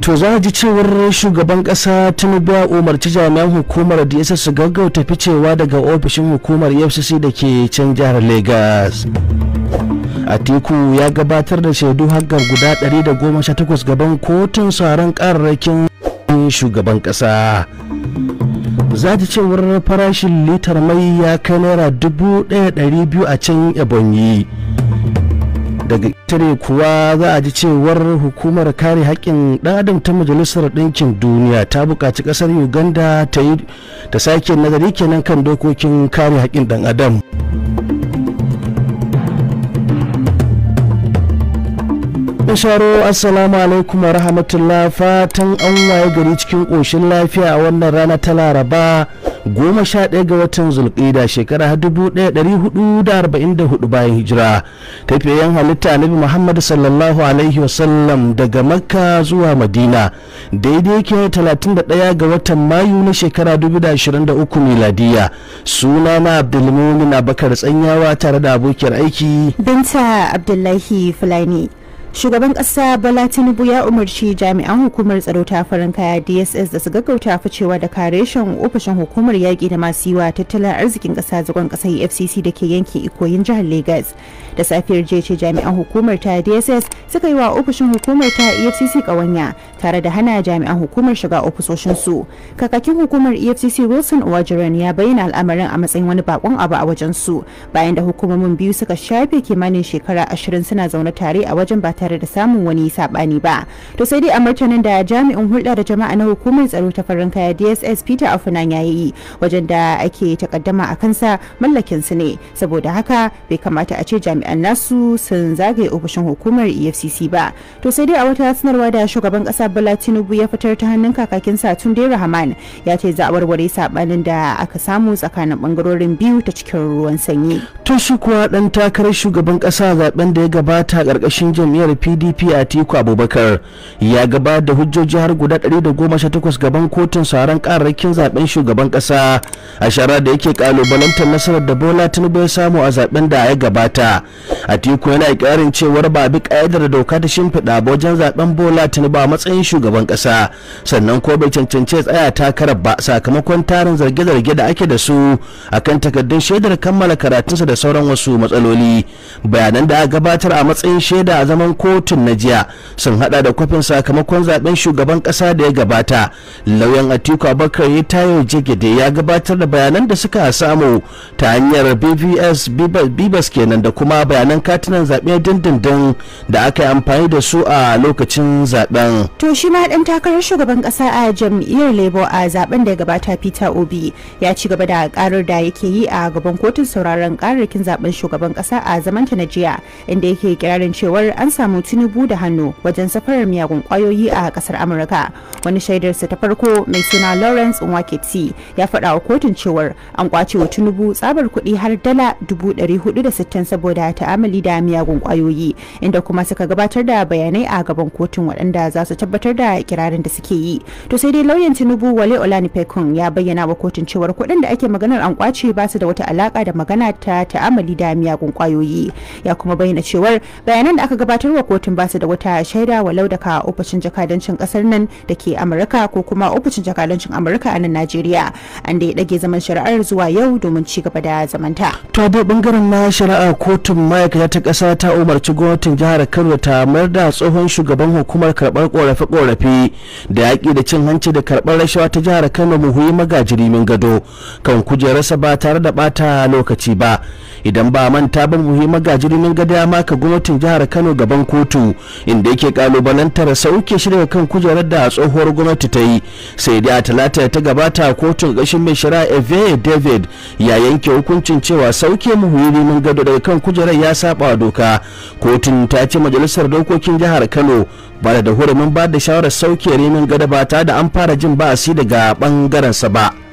to za ji cewar shugaban ƙasa tinubu ya umarci jami'an hukumar da su gaggauta ficewa daga ofishin hukumar e FCC da ke can jihar lagos atiku ya gabatar da shaidu hagar guda 118 gaban kotun tsaron kararrakin shugaban ƙasa. za ta cewar farashin litar mai ya kai naira 1200 a can ebonyi daga ita ne kuwa za a ji cewar hukumar kare haƙƙin ɗan adam ta majalisar ɗinkin duniya ta buƙaci ƙasar uganda ta yi ta sake nazari kenan kan dokokin kare haƙƙin ɗan adam Bisharo assalamu alaikum wa rahmatullah fatan an waye gari cikin ƙoshin lafiya a wannan rana ta laraba goma sha ɗaya ga watan zulƙida shekara dubu ɗaya ɗari hudu da arba'in da hudu bayan hijira tafiyayen halitta nabi muhammad sallallahu alaihi wasallam daga makka zuwa madina daidai ke talatin da ɗaya ga watan mayu na shekara dubu da ashirin da uku miladiya suna na abdulmumin abakar tsanyawa tare da abokiyar aiki binta abdullahi fulani shugaban kasa bala tinubu ya umarci jami'an hukumar tsaro ta farin kaya dss da su gaggauta ficewa da kareshen ofishin hukumar yaƙi da masu yiwa tattalin arzikin kasa zagon kasa e fcc da ke yankin ikoyin jihar lagos da safiyar jiya jami'an hukumar ta dss suka yi wa ofishin hukumar ta efcc kawanya tare da hana jami'an hukumar shiga ofisoshin su kakakin hukumar efcc wilson wajiran ya bayyana al'amarin a matsayin wani bakon abu a wajen su bayan da hukumomin biyu suka shafe kimanin shekara ashirin suna zaune tare a wajen ba tare da samun wani sabani ba to sai dai a martanin da jami'in hulɗa da jama'a na hukumar tsaro ta farin kaya dss peter afunan ya yi wajen da ake takaddama a kansa mallakin su ne saboda haka bai kamata a ce jami'an nasu sun zagaye ofishin hukumar efcc ba to sai dai a wata sanarwa da shugaban kasa bala tinubu ya fitar ta hannun kakakin sa tunde rahman ya ce za a warware sabanin da aka samu tsakanin bangarorin biyu ta cikin ruwan sanyi to shi kuwa dan takarar shugaban kasa zaben da ya gabata karkashin jami'ar jam'iyyar pdp a tiku abubakar ya gabatar da hujjoji har guda 118 gaban kotun sauran karrakin zaben shugaban kasa a shara da yake kalubalantar nasarar da bola tinubu ya samu a zaben da ya gabata a tiku yana ƙarin cewar ba bi ka'idar doka ta shimfiɗa wajen zaben bola tinubu a matsayin shugaban kasa sannan ko bai cancance tsaya takarar ba sakamakon tarin zarge-zarge da ake da su akan takardun shaidar kammala karatunsa da sauran wasu matsaloli bayanan da gabatar a matsayin shaida a zaman kotun na jiya sun hada da kwafin sakamakon zaben shugaban kasa da ya gabata lauyan atiku abakar ya tayo jigide ya gabatar da bayanan da suka samu ta hanyar bbs bibas kenan da kuma bayanan katinan zaɓe dindindin da aka yi amfani da su a lokacin zaben to shi ma dan takarar shugaban kasa a jam'iyyar labour a zaben da ya gabata peter obi ya ci gaba da karar da yake yi a gaban kotun sauraron kararrakin zaben shugaban kasa a zaman ta na jiya inda yake kirarin cewar an samu samu tinubu da hannu wajen safarar miyagun kwayoyi a kasar amurka wani shaidarsa ta farko mai suna lawrence nwaketi ya faɗa wa kotun cewar an kwace wa tinubu tsabar kuɗi har dala 460 saboda ta'amali da miyagun kwayoyi inda kuma suka gabatar da bayanai a gaban kotun waɗanda za su tabbatar da kirarin da suke yi to sai dai lauyan tinubu wale pekun ya bayyana wa kotun cewar kuɗin da ake maganar an kwace ba su da wata alaka da magana ta ta'amali da miyagun kwayoyi ya kuma bayyana cewar bayanan da aka gabatar wa kotun basu da wata shaida walau daga ofishin jakadancin kasar nan da ke amurka ko kuma ofishin jakadancin amurka a nan najeriya an da ya dage zaman shari'ar zuwa yau domin ci gaba da zamanta ta dai bangaren na shari'a kotun ma'aikata ta kasa ta umarci gwamnatin jihar kano ta mayar da tsohon shugaban hukumar karbar korafe-korafe da yaƙi da cin hanci da karɓar rashawa ta jihar kano muhuyi magajiri min gado kan kujerarsa ba tare da bata lokaci ba idan ba manta ba muhuyi magajiri min gado ya maka gwamnatin jihar kano gaban babban kotu inda yake kalubalantar sauke shi daga kan kujerar da tsohuwar gwamnati ta yi sai dai a talata ta gabata kotun gashin mai shari'a eve david ya yanke hukuncin cewa sauke muhuri mun gado daga kan kujerar ya saba doka kotun ta ce majalisar dokokin jihar kano ba da hurumin ba da shawarar sauke renin gado ba ta da an fara jin ba'asi daga ɓangarensa ba.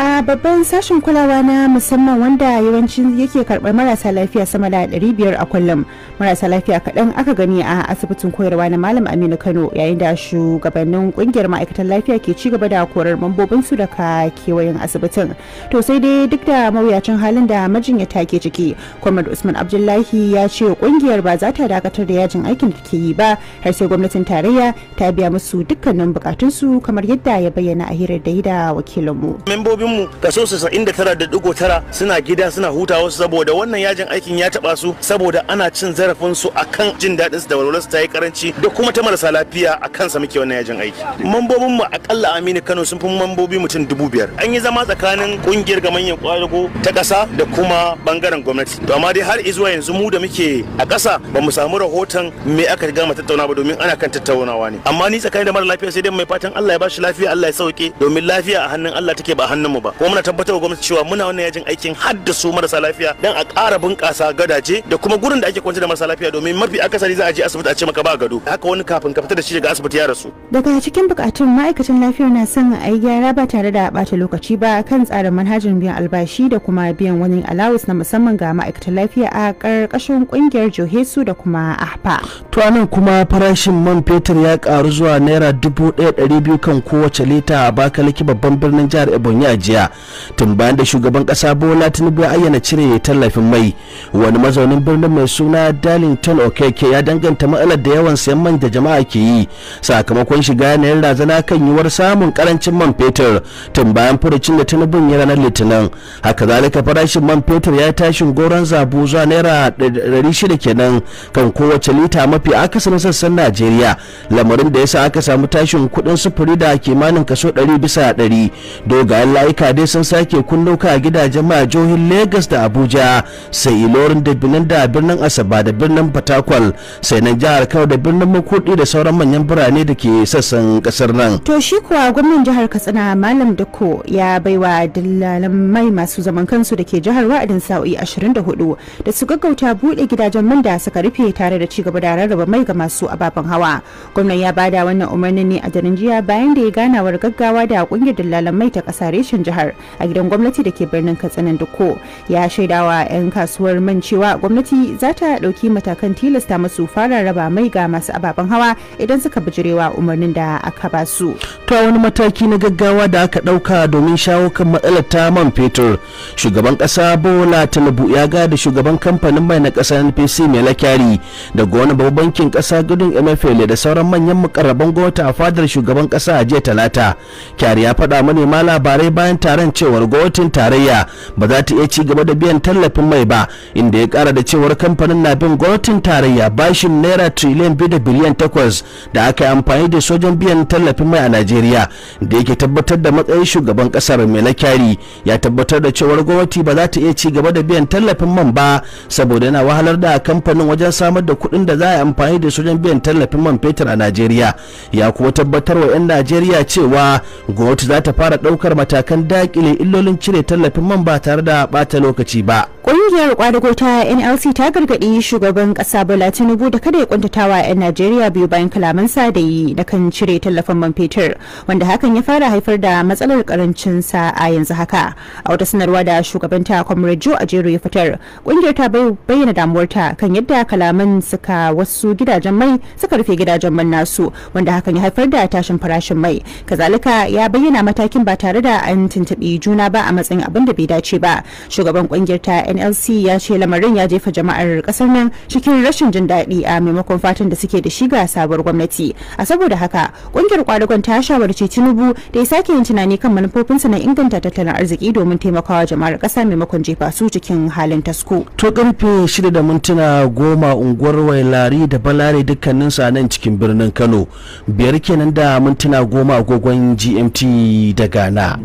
a babban sashen kulawa na musamman wanda yawancin yake karbar marasa lafiya sama da 500 a kullum marasa lafiya kaɗan aka gani a asibitin koyarwa na malam aminu kano yayin da shugabannin ƙungiyar ma'aikatan lafiya ke ci gaba da korar su daga kewayen asibitin to sai dai duk da mawuyacin halin da majinyata ke ciki kwamar usman abdullahi ya ce ƙungiyar ba za ta dakatar da yajin aikin da ke yi ba har sai gwamnatin tarayya ta biya musu dukkanin bukatunsu kamar yadda ya bayyana a hirar da da wakilinmu. membobin mu kaso 99.9 suna gida suna hutawa saboda wannan yajin aikin ya taba su saboda ana cin zarafin su akan jin dadin su da walwalar su ta yi karanci da kuma ta marasa lafiya a kansa muke wannan yajin aiki mambobin mu akalla Aminu Kano sun fi mambobi mutum dubu biyar an yi zama tsakanin kungiyar gamanyan kwadago ta kasa da kuma bangaren gwamnati to amma dai har izuwa yanzu mu da muke a kasa ba mu samu rahoton me aka gama tattauna ba domin ana kan tattaunawa ne amma ni tsakanin da mara lafiya sai dai mai fatan Allah ya bashi lafiya Allah ya sauke domin lafiya a hannun Allah take ba hannun mu ba kuma muna tabbatar wa gwamnati cewa muna wannan yajin aikin da su marasa lafiya dan a ƙara bunƙasa gadaje da kuma gurin da ake kwance da marasa lafiya domin mafi akasari za a je asibiti a ce maka ba gado haka wani kafin ka fita da shi daga asibiti ya rasu daga cikin bukatun ma'aikatan lafiyar na son a yi gyara ba tare da bata lokaci ba kan tsarin manhajar biyan albashi da kuma biyan wani alawus na musamman ga ma'aikatan lafiya a ƙarƙashin ƙungiyar johesu da kuma ahpa to anan kuma farashin man fetur ya karu zuwa naira dubu ɗaya ɗari biyu kan kowace lita a bakaliki babban birnin jihar ebonyi a jiya tun bayan da shugaban kasa bola tinubu ya ayyana cire tallafin mai wani mazaunin birnin mai suna darlington okeke ya danganta matsalar da yawan sayan man da jama'a ke yi sakamakon shiga yanayin razana kan yiwuwar samun karancin man fetur tun bayan furucin da tinubun ya ranar litinin haka zalika farashin man fetur ya tashin goron zabu zuwa naira 600 kenan kan kowace lita mafi akasarin sassan najeriya lamarin da yasa aka samu tashin kudin sufuri da kimanin kaso 100 bisa 100 dogayen malaika dai sun sake kulloka ka gidajen ma jihohin Legas da Abuja sai Ilorin da binin da birnin Asaba da birnin Fatakwal sai nan jihar Kano da birnin makudi da sauran manyan birane da ke sassan kasar nan. To shi kuwa gwamnan jihar Katsina Malam Dako ya baiwa dillalan mai masu zaman kansu da ke jihar wa'adin sa'o'i ashirin da hudu da su gaggauta buɗe gidajen man da suka rufe tare da ci gaba da rarraba mai ga masu ababen hawa. Gwamnan ya bada wannan umarnin ne a daren jiya bayan da ya ganawar gaggawa da kungiyar dillalan mai ta ƙasa reshen gwamnatin jihar a gidan gwamnati da ke birnin katsinan dukko ya shaidawa 'yan kasuwar man cewa gwamnati za ta dauki matakan tilasta masu fara raba mai ga masu ababen hawa idan suka bijirewa umarnin da aka ba su. ta wani mataki na gaggawa da aka dauka domin shawo kan matsalar ta man fetur shugaban ƙasa bola tinubu ya gada shugaban kamfanin mai na kasa npc mai lakyari da wani bankin kasa gudun mfl da sauran manyan mukarraban gwamnati a fadar shugaban kasa a jiya talata kyari ya faɗa manema labarai bayan bayan taron cewar gwamnatin tarayya ba za ta iya ci gaba da biyan tallafin mai ba inda ya kara da cewar kamfanin na bin gwamnatin tarayya bashin naira triliyan biyu da biliyan takwas da aka yi amfani da sojan biyan tallafin mai a najeriya da yake tabbatar da matsayin shugaban kasar mai na kyari ya tabbatar da cewar gwamnati ba za ta iya ci gaba da biyan tallafin man ba saboda yana wahalar da kamfanin wajen samar da kuɗin da za a yi amfani da sojan biyan tallafin man fetur a najeriya ya kuma tabbatar wa 'yan najeriya cewa gwamnati za ta fara ɗaukar matakan wajen dakile illolin cire tallafin man ba tare da bata lokaci ba ƙungiyar ƙwadago ta nlc ta gargaɗi shugaban ƙasa bola tinubu da kada ya kuntatawa 'yan najeriya biyu bayan kalamansa da yi da kan cire tallafin man fetur wanda hakan ya fara haifar da matsalar karancin sa a yanzu haka a wata sanarwa da shugaban shugabanta comrade joe ajero ya fitar ƙungiyar ta bayyana damuwarta kan yadda kalaman suka wasu gidajen mai suka rufe gidajen man nasu wanda hakan ya haifar da tashin farashin mai kazalika ya bayyana matakin ba tare da an sun juna ba a matsayin abin da bai dace ba shugaban kungiyar ta nlc ya ce lamarin ya jefa jama'ar kasar nan cikin rashin jin daɗi a maimakon fatan da suke da shi ga sabuwar gwamnati a saboda haka kungiyar kwadagon ta shawarci tinubu da ya sake yin tunani kan manufofinsa na inganta tattalin arziki domin taimakawa jama'ar kasa maimakon jefa su cikin halin tasko to karfe shida da mintuna goma unguwar wailari da balare dukkanin su nan cikin birnin kano biyar kenan da mintuna goma agogon gmt da ghana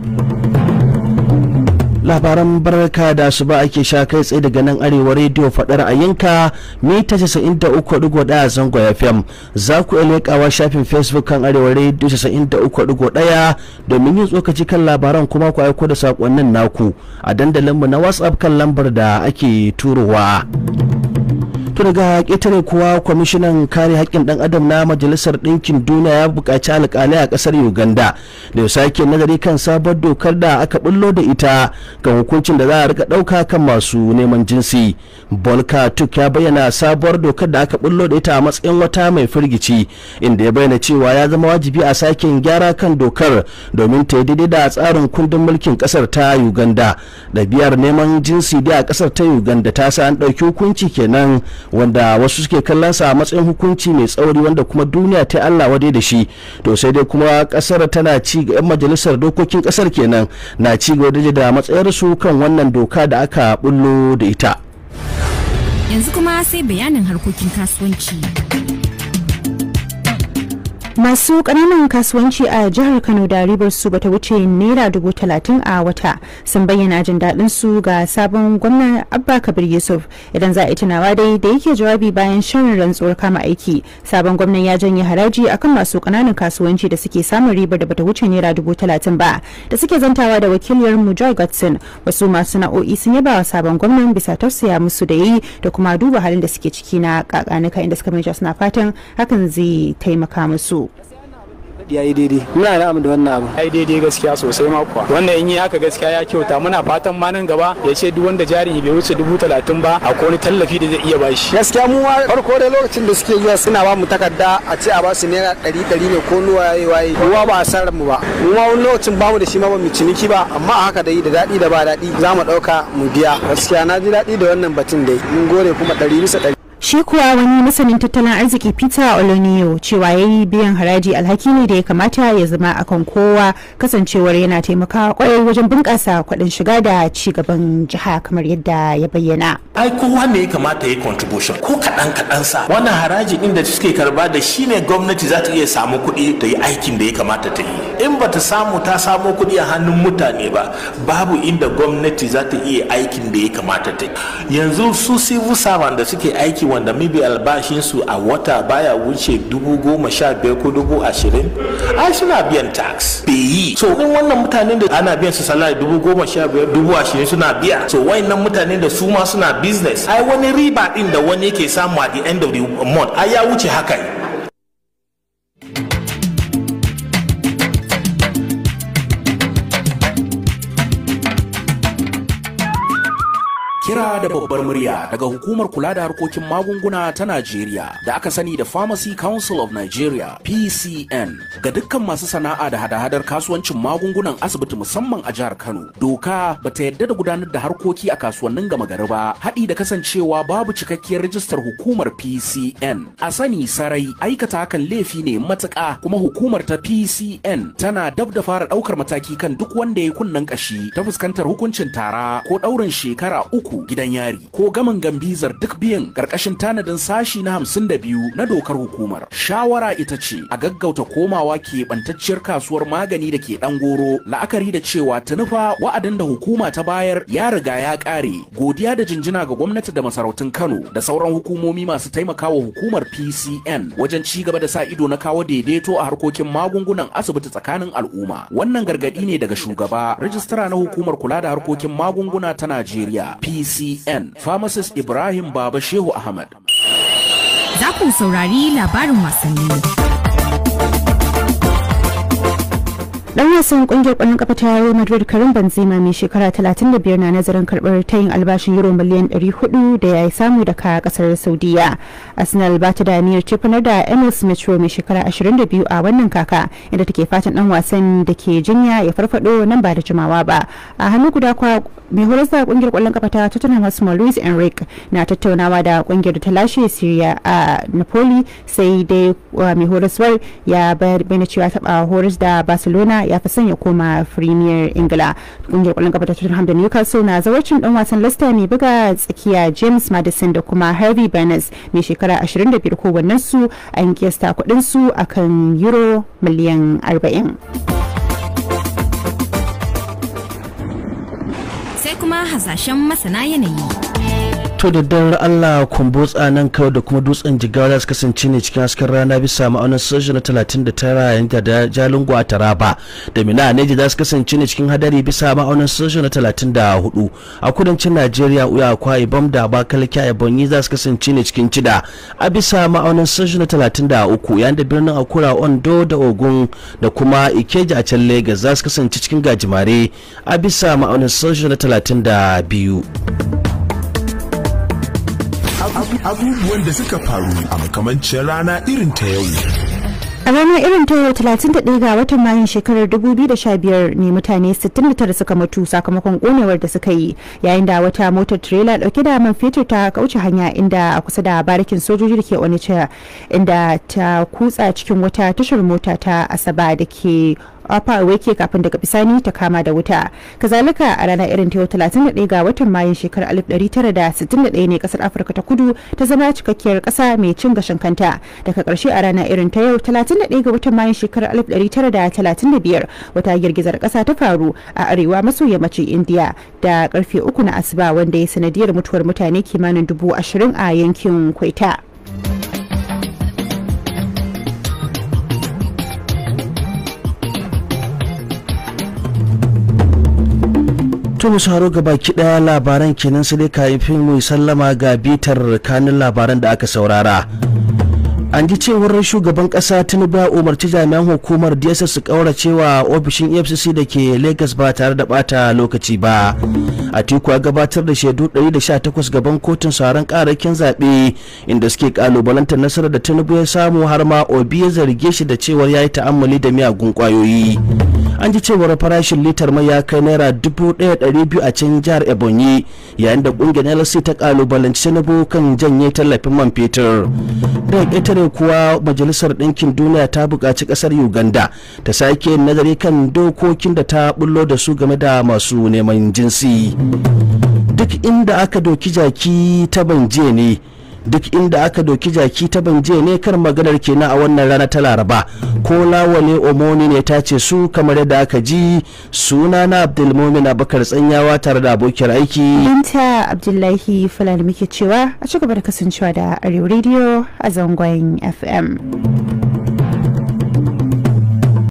labaran barka da su ba ake sha kai tsaye daga nan arewa rediyo fadar a yanka mita 93.1 zango fm za ku iya lekawa shafin facebook kan arewa rediyo 93.1 domin yin tsokaci kan labaran kuma ku aiko da sakonnin naku a dandalinmu na whatsapp kan lambar da ake turowa. to daga ƙetare kuwa kwamishinan kare haƙƙin ɗan adam na majalisar ɗinkin duniya ya buƙaci alƙalai a ƙasar uganda da ya sake nazari kan sabon dokar da aka bullo da ita ga hukuncin da za a rika ɗauka kan masu neman jinsi bolka tuk ya bayyana sabuwar dokar da aka bullo da ita a matsayin wata mai firgici inda ya bayyana cewa ya zama wajibi a sake gyara kan dokar domin ta daidai da tsarin kundin mulkin ƙasar ta uganda ɗabi'ar neman jinsi da a ƙasar ta uganda ta sa an ɗauki hukunci kenan wanda wasu suke kallon sa a matsayin hukunci mai tsauri wanda kuma duniya ta Allah wade da shi to sai dai kuma kasar tana ci ga majalisar dokokin kasar kenan na ci gaba da matsayar su kan wannan doka da aka bullo da ita yanzu kuma sai bayanin harkokin kasuwanci masu ƙananan kasuwanci a jihar kano da ribar su bata wuce naira dubu talatin a wata sun bayyana jin daɗin su ga sabon gwamnan abba kabir yusuf idan za a tunawa dai da yake jawabi bayan shirin rantsuwar kama aiki sabon gwamnan ya janye haraji akan masu ƙananan kasuwanci da suke samun ribar da bata wuce naira dubu talatin ba da suke zantawa da wakiliyar mu joy wasu masu na'o'i sun yaba wa sabon gwamnan bisa tausaya musu da yi da kuma duba halin da suke ciki na kakanika inda suka mai suna fatan hakan zai taimaka musu yayi daidai muna da da wannan abu ai daidai gaskiya sosai ma kuwa wannan in yi haka gaskiya ya kyauta muna fatan ma nan gaba ya ce duk wanda jarin bai wuce dubu talatin ba a wani tallafi da zai iya ba shi. gaskiya mu farko da lokacin da suke zuwa suna ba mu takarda a ce a ba su naira ɗari ɗari ne ko nuwa waye waye ruwa ba a san mu ba mu ma wani lokacin ba mu da shi ma ba mu ciniki ba amma a haka dai da daɗi da ba daɗi za mu ɗauka mu biya gaskiya na ji daɗi da wannan batun dai mun gode kuma ɗari bisa ɗari shi kuwa wani masanin tattalin arziki peter oloniyo cewa ya yi biyan haraji alhaki ne da ya kamata ya zama akan kowa kasancewar yana taimakawa kwarai wajen bunƙasa kuɗin shiga da ci gaban jiha kamar yadda ya bayyana ai kowa ne ya kamata ya contribution ko kaɗan kaɗan sa wannan haraji ɗin da suke karba da shi ne gwamnati za ta iya samu kuɗi ta yi aikin da ya kamata ta yi in bata samu ta samo kuɗi a hannun mutane ba babu inda gwamnati za ta iya aikin da ya kamata ta yanzu su civil servant da suke aiki wanda mibi albashinsu a wata baya wuce dubu goma sha biyar ko dubu ashirin ai suna biyan tax bai yi so in wannan mutanen da ana biyan su salari dubu goma sha biyar dubu ashirin suna biya so wayannan mutanen da su ma suna business ai wani riba din da wani yake samu a the end of the month ai ya wuce haka kira da babbar murya daga hukumar kula da harkokin magunguna ta Najeriya da aka sani da Pharmacy Council of Nigeria PCN ga dukkan masu sana'a da hada-hadar kasuwancin magungunan asibiti musamman a jihar Kano. Doka ba ta yadda da gudanar da harkoki a kasuwannin gama gari ba, haɗi da kasancewa babu cikakkiyar rijistar hukumar PCN. A sani sarai aikata hakan laifi ne matuƙa kuma hukumar ta PCN tana dab da fara ɗaukar mataki kan duk wanda ya kunnen ƙashi ta fuskantar hukuncin tara ko ɗaurin shekara uku gidan yari ko gaman gambizar duk biyan karkashin tanadin sashi na hamsin da biyu na dokar hukumar shawara ita ce a gaggauta komawa keɓantacciyar kasuwar magani da ke ɗan goro la'akari da cewa tunufa wa'adin da hukuma ta bayar ya riga ya ƙare godiya da jinjina ga gwamnati da masarautun kano da sauran hukumomi masu taimakawa hukumar pcn wajen ci gaba da sa ido na kawo daidaito a harkokin magungunan asibiti tsakanin al'umma wannan gargaɗi ne daga shugaba rijistara na hukumar kula da harkokin magunguna ta najeriya pc ACN, Pharmacist Ibrahim Baba Shehu Ahmad. Za ku saurari labarin wasanni. dan wasan kungiyar kwallon kafa ta Real Madrid Karim Benzema mai shekara 35 na nazarin karbar tayin albashin euro miliyan 400 da ya yi samu daga kasar Saudiya. Arsenal ba ta da niyyar cefanar da Emil Smith mai shekara 22 a wannan kaka inda take fatan dan wasan da ke jinya ya farfado nan ba da jimawa ba. A hannu guda kwa mai horar da kungiyar kwallon kafa ta Tottenham Hotspur Luis Enrique na tattaunawa da kungiyar da ta lashe Syria a Napoli sai dai mai horaswar ya bayyana cewa taba horas da Barcelona ya fi sanya koma Premier Ingila. Kungiyar kwallon kafa ta Tottenham da Newcastle na zawarcin dan wasan Leicester mai buga tsakiya James Madison da kuma Harvey Barnes mai shekara 25 wannan su an kiyasta kudin su akan euro miliyan 40. sai kuma hasashen masana yanayi to da dare allah kumbo nan kawai da kuma dutsen jigawa za su kasance ne cikin hasken rana bisa ma'aunin soji na 39 yayin da jalingo a taraba da mina neji za su kasance ne cikin hadari bisa ma'aunin soji na 34 a kudancin najeriya uya kwa ibam da bakalaki a ebonyi za su kasance ne cikin cida a bisa ma'aunin soji na 33 yayin da birnin akura ondo da ogun da kuma ikeja a can lagos za su kasance cikin gajimare a bisa ma'aunin soji na 32 abubuwan da suka faru a makamancin rana irin ta yau. A ranar irin ta yau 31 ga watan Mayun shekarar 2015 ne mutane 69 suka mutu sakamakon konewar da suka yi yayin da wata motar tirela dauke da man fetur ta kauce hanya inda a kusa da barikin sojoji da ke Onitsha inda ta kutsa cikin wata tashar mota ta Asaba da ke afawa ke kafin daga bisani ta kama da wuta kazalika a ranar irin ta yau 31 ga watan mayun shekarar 1961 ne kasar afirka ta kudu ta zama cikakkiyar kasa mai cin gashin kanta daga karshe a ranar irin ta yau 31 ga watan mayun shekarar 1935 wata girgizar kasa ta faru a arewa maso yammacin india da karfe uku na asuba wanda ya sanadiyar mutuwar mutane kimanin dubu ashirin a yankin kwaita to mu saro ga baki daya labaran kenan sai dai kafin mu sallama ga bitar kanin labaran da aka saurara. an ji cewar shugaban kasa tinubu ya umarci jami'an hukumar dss su cewa ofishin efcc da ke lagos ba tare da bata lokaci ba atiku ya gabatar da shaidu 118 gaban kotun sauran karakin zaɓe inda suke kalubalantar nasarar da tinubu ya samu har ma obi ya zarge shi da cewar ya yi ta'ammali da miyagun kwayoyi an ji cewar farashin litar mai ya kai naira dubu biyu a can jihar ebonyi yayin da kungiyar nlc e ta kalubalanci tinubu kan janye tallafin man fetur daga ƙetare yau kuwa majalisar ɗinkin duniya ta buƙaci ƙasar uganda ta sake nazari kan dokokin da ta bullo da su game da masu neman jinsi duk inda aka doki jaki ta banje ne duk inda aka doki jaki ta ban banje ne kar maganar kenan a wannan rana ta laraba ko lawale omoni ne ta ce su kamar yadda aka ji suna na abdulmumin abakar tsanyawa tare da abokiyar aiki binta abdullahi fulani muke cewa a ci gaba da kasancewa da arewa radio a zangon fm